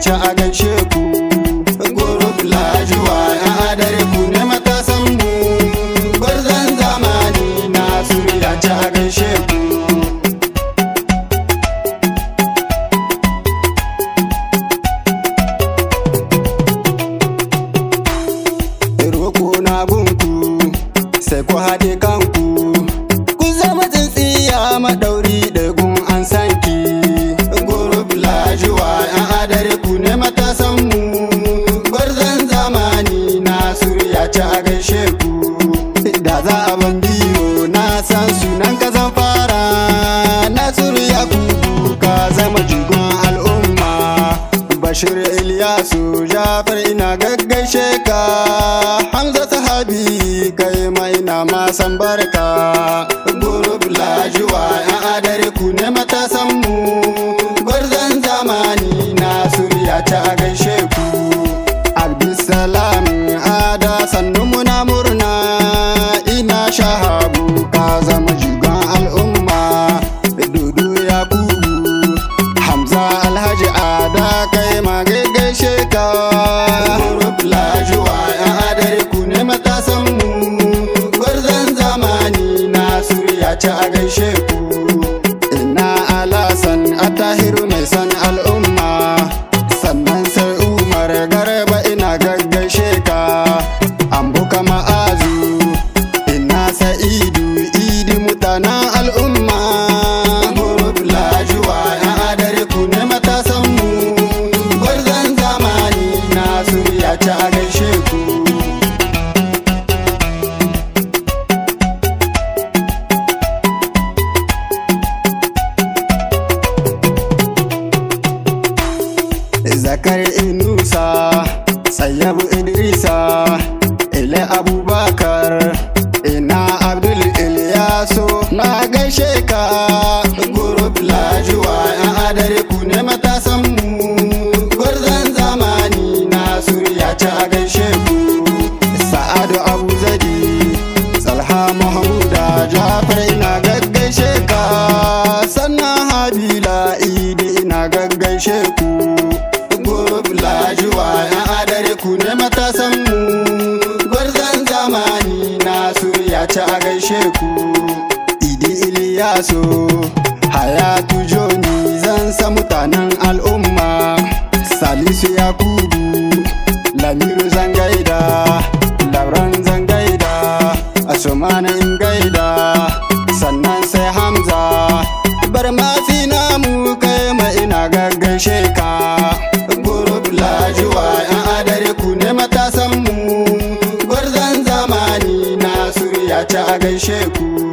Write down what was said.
ci a gaishe ku goro lajuwa ya adare ku ne matasan mu gwarzon zamani na ya ci a gaishe ku Roko na bunku sai ku haɗe kan sunan ka zan fara nasiru ya kuku ka zama jigon al'umma bashir ilyasu jafar ina gaggaishe ka hamza sahabi kai ma ina ma san barka gurub lajuwa yan adare ku ne matasan mu kula juwa yan ne matasan mu gwarzon zamani na surya ci a gaishe ku ina alasan atahiru mai san al'umma sannan sai umar garba ina gaggaishe ka an buka ma'azu ina sa'idu idi mutanen al'umma ta a gaishe ku zakar inusa sayyabu idrisa ile abubakar na san mu gwarzon zamani na ya ci a gaishe ku idi iliyaso hayatu joni zan sa mutanen al'umma salisu ya yakubu lamiru zangaida lauran zangaida asomani ta a gaishe ku